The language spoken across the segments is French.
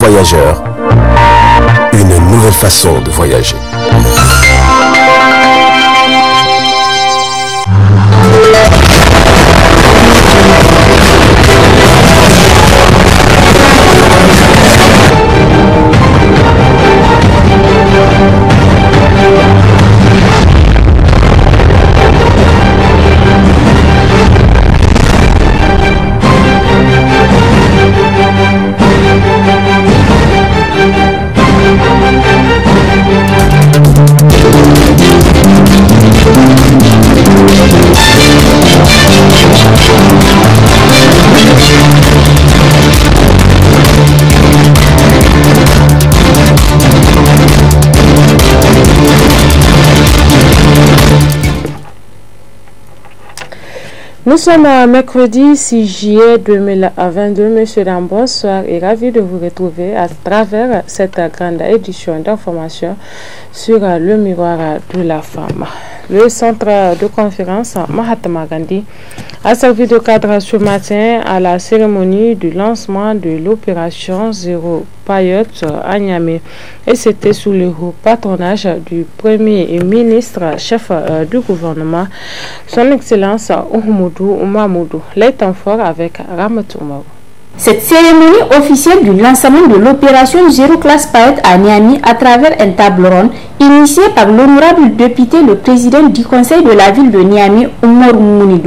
Voyageurs, une nouvelle façon de voyager. Nous sommes mercredi 6 juillet 2022. Monsieur Dam, bonsoir et ravi de vous retrouver à travers cette grande édition d'information sur le miroir de la femme le centre de conférence Mahatma Gandhi a servi de cadre ce matin à la cérémonie du lancement de l'opération Zéro Payotte à Niamey. Et c'était sous le patronage du premier ministre chef euh, du gouvernement, son Excellence Oumoudou Oumamoudou. Les temps avec Ramatoumou. Cette cérémonie officielle du lancement de l'opération Zéro Classe Payotte à Niamey à travers un table ronde Initié par l'honorable député, le président du conseil de la ville de Niamey, Omar Mouni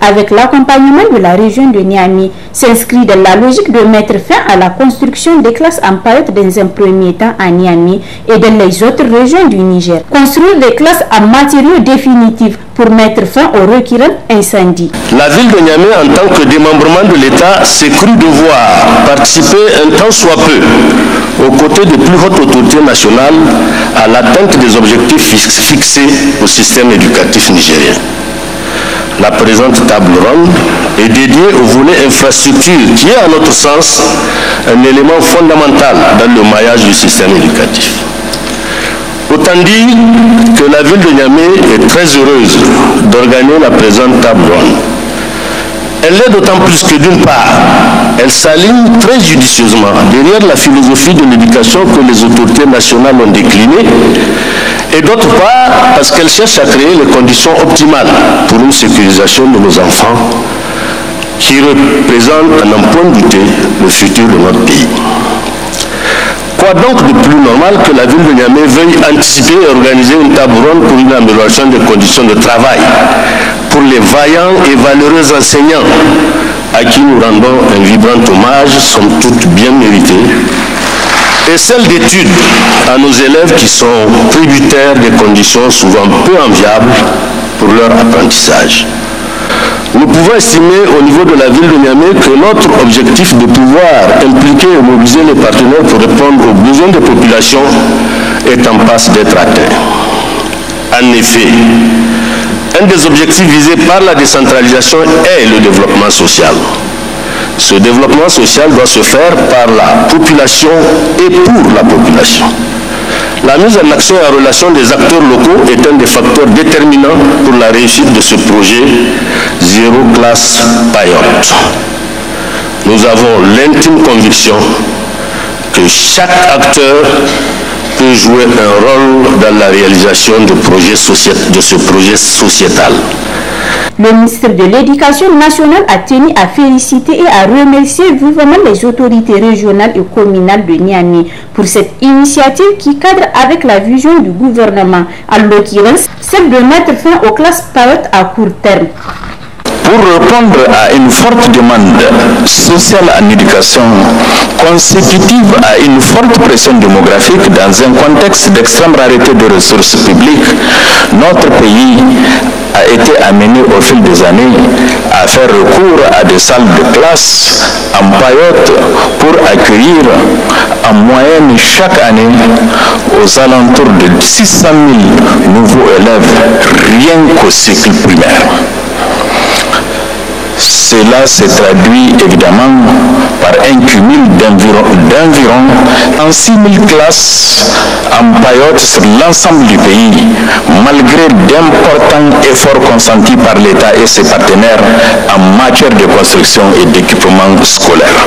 avec l'accompagnement de la région de Niamey, s'inscrit dans la logique de mettre fin à la construction des classes en palette dans un premier temps à Niamey et dans les autres régions du Niger. Construire des classes en matériaux définitifs pour mettre fin aux requérants incendies. La ville de Niamey, en tant que démembrement de l'État, s'est cru devoir participer un temps soit peu aux côtés de plus hautes autorités nationales à l'atteinte des objectifs fixés au système éducatif nigérien. La présente table ronde est dédiée au volet infrastructure qui est à notre sens un élément fondamental dans le maillage du système éducatif. Autant dire que la ville de Niamey est très heureuse d'organiser la présente table ronde. Elle l'est d'autant plus que d'une part, elle s'aligne très judicieusement derrière la philosophie de l'éducation que les autorités nationales ont déclinée, et d'autre part parce qu'elle cherche à créer les conditions optimales pour une sécurisation de nos enfants qui représente en un point douté le futur de notre pays. Quoi donc de plus normal que la ville de Niamey veuille anticiper et organiser une table ronde pour une amélioration des conditions de travail pour les vaillants et valeureux enseignants à qui nous rendons un vibrant hommage, sont toutes bien méritées, et celle d'études à nos élèves qui sont tributaires des conditions souvent peu enviables pour leur apprentissage. Nous pouvons estimer au niveau de la ville de Miami que notre objectif de pouvoir impliquer et mobiliser nos partenaires pour répondre aux besoins des populations est en passe d'être atteint. En effet, un des objectifs visés par la décentralisation est le développement social. Ce développement social doit se faire par la population et pour la population. La mise en action et en relation des acteurs locaux est un des facteurs déterminants pour la réussite de ce projet Zéro Classe Payotte. Nous avons l'intime conviction que chaque acteur peut jouer un rôle dans la réalisation de, ce projet sociétal. Le ministre de l'Éducation nationale a tenu à féliciter et à remercier vivement les autorités régionales et communales de Niani pour cette initiative qui cadre avec la vision du gouvernement, à l'occurrence celle de mettre fin aux classes payotes à court terme pour répondre à une forte demande sociale en éducation consécutive à une forte pression démographique dans un contexte d'extrême rareté de ressources publiques, notre pays a été amené au fil des années à faire recours à des salles de classe en paillotte pour accueillir en moyenne chaque année aux alentours de 600 000 nouveaux élèves rien qu'au cycle primaire. Cela se traduit évidemment par un cumul d'environ 6 000 classes en paillotte sur l'ensemble du pays, malgré d'importants efforts consentis par l'État et ses partenaires en matière de construction et d'équipement scolaire.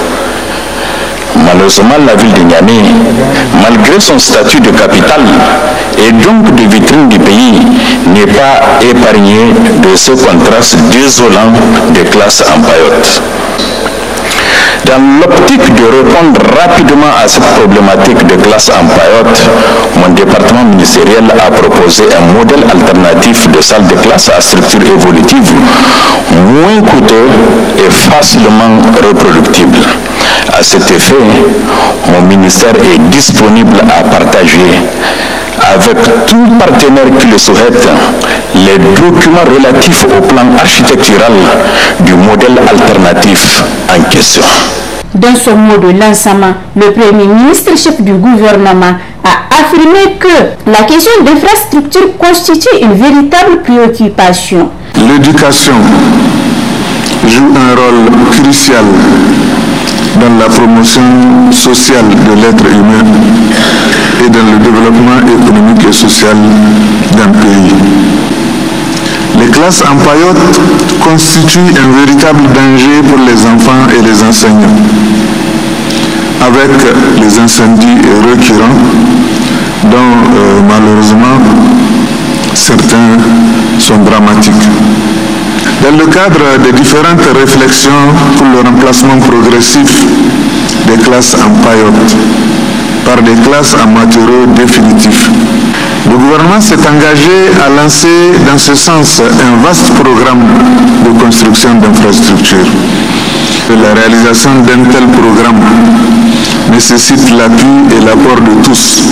Malheureusement, la ville de Niamey, malgré son statut de capitale et donc de vitrine du pays, n'est pas épargnée de ce contraste désolant de classes en Dans l'optique de répondre rapidement à cette problématique de classe en mon département ministériel a proposé un modèle alternatif de salle de classe à structure évolutive, moins coûteux et facilement reproductible. À cet effet, mon ministère est disponible à partager avec tout partenaire qui le souhaite les documents relatifs au plan architectural du modèle alternatif en question. Dans son mot de lancement, le Premier ministre, chef du gouvernement, a affirmé que la question d'infrastructure constitue une véritable préoccupation. L'éducation joue un rôle crucial dans la promotion sociale de l'être humain et dans le développement économique et social d'un pays. Les classes en paillotte constituent un véritable danger pour les enfants et les enseignants. Avec les incendies récurrents, dont euh, malheureusement certains sont dramatiques. Dans le cadre des différentes réflexions pour le remplacement progressif des classes en paillotte par des classes en matériaux définitifs, le gouvernement s'est engagé à lancer dans ce sens un vaste programme de construction d'infrastructures. La réalisation d'un tel programme nécessite l'appui et l'apport de tous,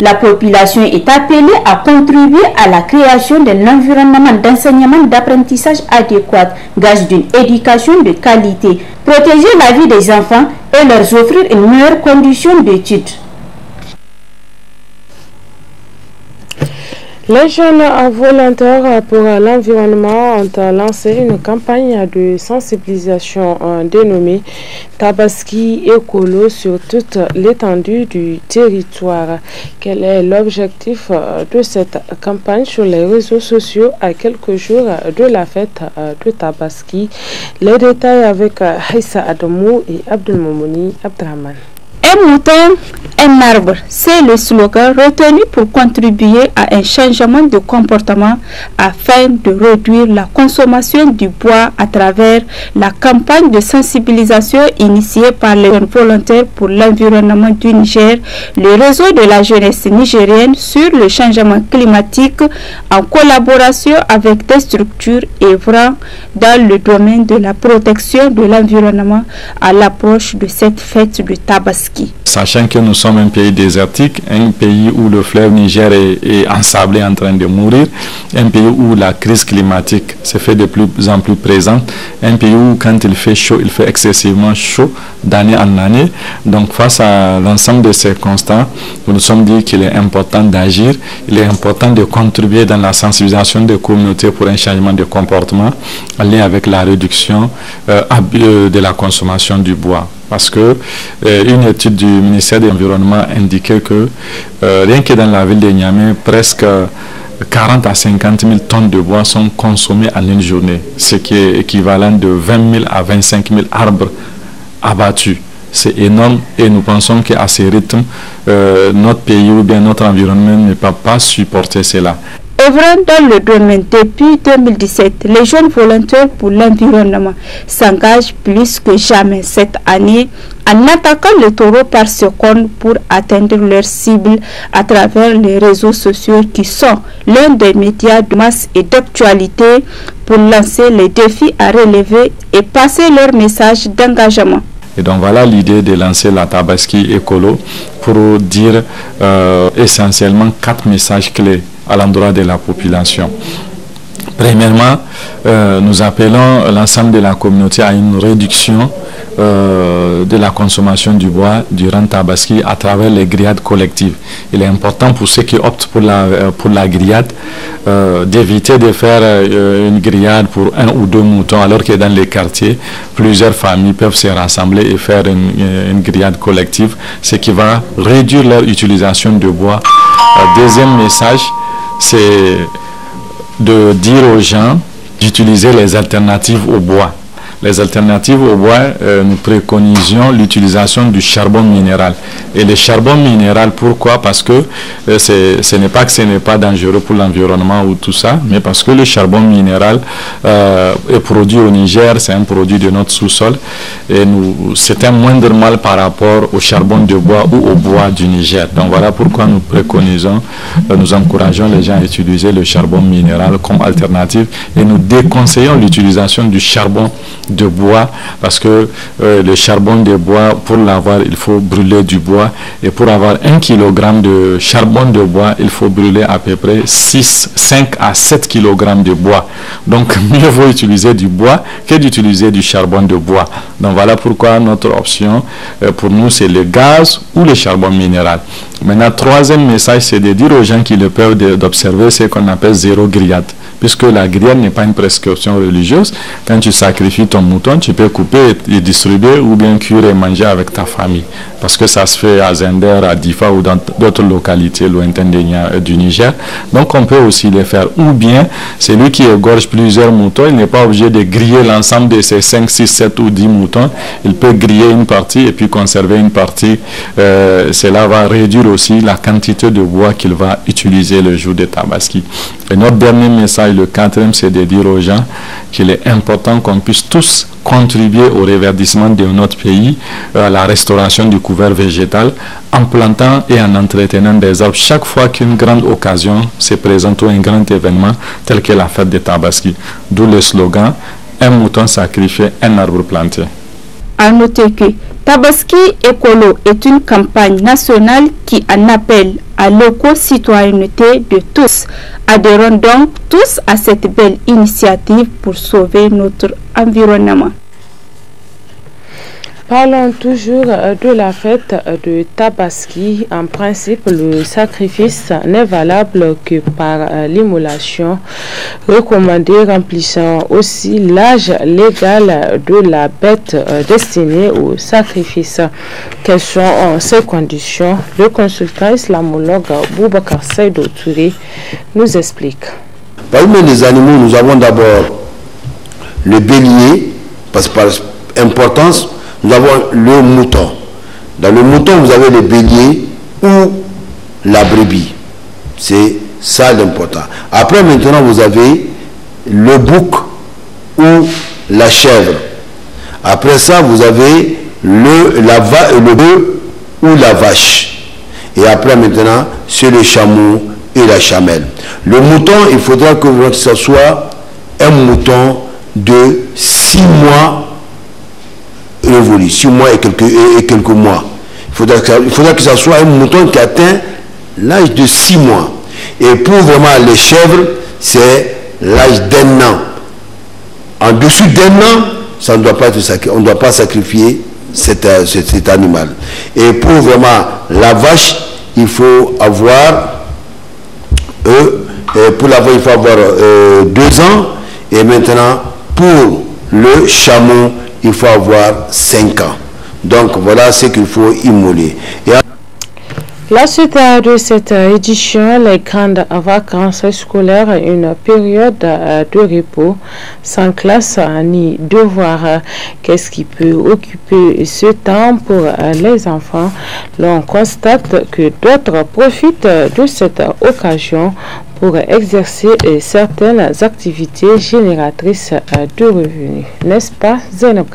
la population est appelée à contribuer à la création d'un environnement d'enseignement et d'apprentissage adéquat, gage d'une éducation de qualité, protéger la vie des enfants et leur offrir une meilleure condition d'études. Les jeunes volontaires pour l'environnement ont lancé une campagne de sensibilisation hein, dénommée Tabaski Écolo sur toute l'étendue du territoire. Quel est l'objectif euh, de cette campagne sur les réseaux sociaux à quelques jours de la fête euh, de Tabaski Les détails avec euh, Haïssa Adamou et Abdelmoumouni Abdraman. Un mouton, un arbre, c'est le slogan retenu pour contribuer à un changement de comportement afin de réduire la consommation du bois à travers la campagne de sensibilisation initiée par les volontaires pour l'environnement du Niger, le réseau de la jeunesse nigérienne sur le changement climatique en collaboration avec des structures évrant dans le domaine de la protection de l'environnement à l'approche de cette fête du tabac. Sachant que nous sommes un pays désertique, un pays où le fleuve Niger est, ensablé en train de mourir, un pays où la crise climatique se fait de plus en plus présente, un pays où quand il fait chaud, il fait excessivement chaud d'année en année. Donc face à l'ensemble de ces constats, nous nous sommes dit qu'il est important d'agir, il est important de contribuer dans la sensibilisation des communautés pour un changement de comportement, en lien avec la réduction euh, euh, de la consommation du bois. Parce que euh, une étude du ministère de l'Environnement indiquait que euh, rien que dans la ville de Niamey, presque 40 euh, à 50 000 tonnes de bois sont consommées en une journée, ce qui est équivalent de 20 000 à 25 000 arbres abattus. C'est énorme et nous pensons qu'à ce rythme, notre pays ou bien notre environnement ne peut pas supporter cela dans le domaine depuis 2017, les jeunes volontaires pour l'environnement s'engagent plus que jamais cette année en attaquant le taureau par seconde pour atteindre leur cible à travers les réseaux sociaux qui sont l'un des médias de masse et d'actualité pour lancer les défis à relever et passer leur message d'engagement. Et donc voilà l'idée de lancer la Tabaski Écolo pour dire euh, essentiellement quatre messages clés à l'endroit de la population. Premièrement, euh, nous appelons l'ensemble de la communauté à une réduction euh, de la consommation du bois durant Tabaski à travers les grillades collectives. Il est important pour ceux qui optent pour la, euh, pour la grillade euh, d'éviter de faire une grillade pour un ou deux moutons alors que dans les quartiers, plusieurs familles peuvent se rassembler et faire une, une grillade collective, ce qui va réduire leur utilisation de bois. deuxième message, c'est de dire aux gens d'utiliser les alternatives au bois les alternatives au bois, euh, nous préconisions l'utilisation du charbon minéral. Et le charbon minéral, pourquoi Parce que euh, ce n'est pas que ce n'est pas dangereux pour l'environnement ou tout ça, mais parce que le charbon minéral euh, est produit au Niger, c'est un produit de notre sous-sol, et c'est un moindre mal par rapport au charbon de bois ou au bois du Niger. Donc voilà pourquoi nous préconisons, nous encourageons les gens à utiliser le charbon minéral comme alternative et nous déconseillons l'utilisation du charbon de bois parce que euh, le charbon de bois, pour l'avoir, il faut brûler du bois et pour avoir un kilogramme de charbon de bois, il faut brûler à peu près 6, 5 à 7 kilogrammes de bois. Donc mieux vaut utiliser du bois que d'utiliser du charbon de bois. Donc voilà pourquoi notre option euh, pour nous c'est le gaz ou le charbon minéral. Maintenant, troisième message, c'est de dire aux gens qui le peuvent d'observer ce qu'on appelle zéro grillade, puisque la grillade n'est pas une prescription religieuse. Quand tu sacrifies ton moutons, mouton, tu peux couper et distribuer ou bien cuire et manger avec ta famille. Parce que ça se fait à Zender, à Difa ou dans d'autres localités lointaines du Niger. Donc on peut aussi les faire. Ou bien, celui qui égorge plusieurs moutons, il n'est pas obligé de griller l'ensemble de ses 5, 6, 7 ou 10 moutons. Il peut griller une partie et puis conserver une partie. Euh, cela va réduire aussi la quantité de bois qu'il va utiliser le jour de Tabaski. Et notre dernier message, le quatrième, c'est de dire aux gens qu'il est important qu'on puisse tous contribuer au réverdissement de notre pays, euh, à la restauration du couvert végétal, en plantant et en entretenant des arbres chaque fois qu'une grande occasion se présente ou un grand événement tel que la fête de Tabaski. D'où le slogan Un mouton sacrifié, un arbre planté. À noter que Tabaski Écolo est une campagne nationale qui en appelle à l'éco-citoyenneté de tous. Adhérons donc tous à cette belle initiative pour sauver notre environnement. Parlons toujours euh, de la fête euh, de Tabaski. En principe, le sacrifice n'est valable que par euh, l'immolation recommandée remplissant aussi l'âge légal de la bête destinée au sacrifice. Quelles sont ces conditions Le consultant islamologue Boubacar Saïd nous explique. Parmi les animaux, nous avons d'abord le bélier, parce par importance, nous avons le mouton. Dans le mouton, vous avez le bélier ou la brebis. C'est ça l'important. Après, maintenant, vous avez le bouc ou la chèvre. Après ça, vous avez le, la euh, le bœuf ou la vache. Et après, maintenant, c'est le chameau et la chamelle. Le mouton, il faudra que ce soit un mouton de 6 mois évolue sur mois et quelques, et, quelques mois. Il faudra, que, il que ça soit un mouton qui atteint l'âge de six mois. Et pour vraiment les chèvres, c'est l'âge d'un an. En dessous d'un an, ça ne doit pas être, on ne doit pas sacrifier euh, cet, animal. Et pour vraiment la vache, il faut avoir, euh, euh pour avoir euh, deux ans. Et maintenant, pour le chameau, il faut avoir cinq ans. Donc voilà ce qu'il faut immoler. la suite de cette édition, les grandes vacances scolaires, une période euh, de repos sans classe euh, ni devoir. Qu'est-ce qui peut occuper ce temps pour euh, les enfants L'on constate que d'autres profitent de cette occasion pour exercer euh, certaines activités génératrices euh, de revenus. N'est-ce pas, Zainab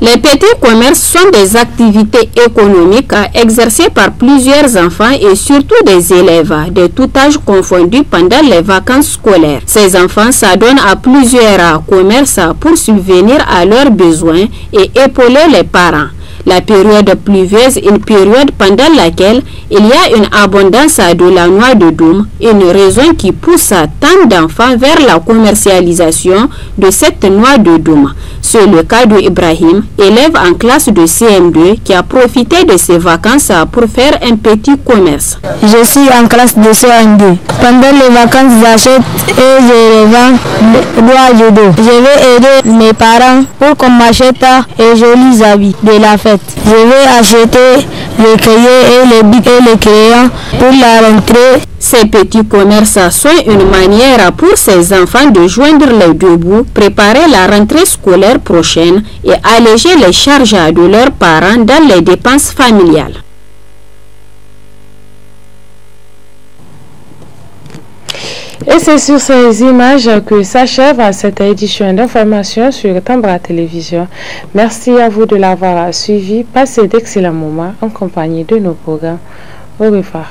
Les petits commerces sont des activités économiques euh, exercées par plusieurs enfants et surtout des élèves de tout âge confondu pendant les vacances scolaires. Ces enfants s'adonnent à plusieurs commerces pour subvenir à leurs besoins et épauler les parents. La période pluvieuse, une période pendant laquelle il y a une abondance de la noix de dôme, une raison qui pousse tant d'enfants vers la commercialisation de cette noix de dôme. C'est le cas de Ibrahim, élève en classe de CM2 qui a profité de ses vacances pour faire un petit commerce. Je suis en classe de CM2. Pendant les vacances, j'achète et je revends noix de dôme. Je vais aider mes parents pour qu'on m'achète un joli habit de la fête. Je vais acheter le cahier et le bic et le pour la rentrée. Ces petits commerces sont une manière pour ces enfants de joindre les deux bouts, préparer la rentrée scolaire prochaine et alléger les charges de leurs parents dans les dépenses familiales. Et c'est sur ces images que s'achève cette édition d'information sur Tambra Télévision. Merci à vous de l'avoir suivi. Passez d'excellents moments en compagnie de nos programmes. Au revoir.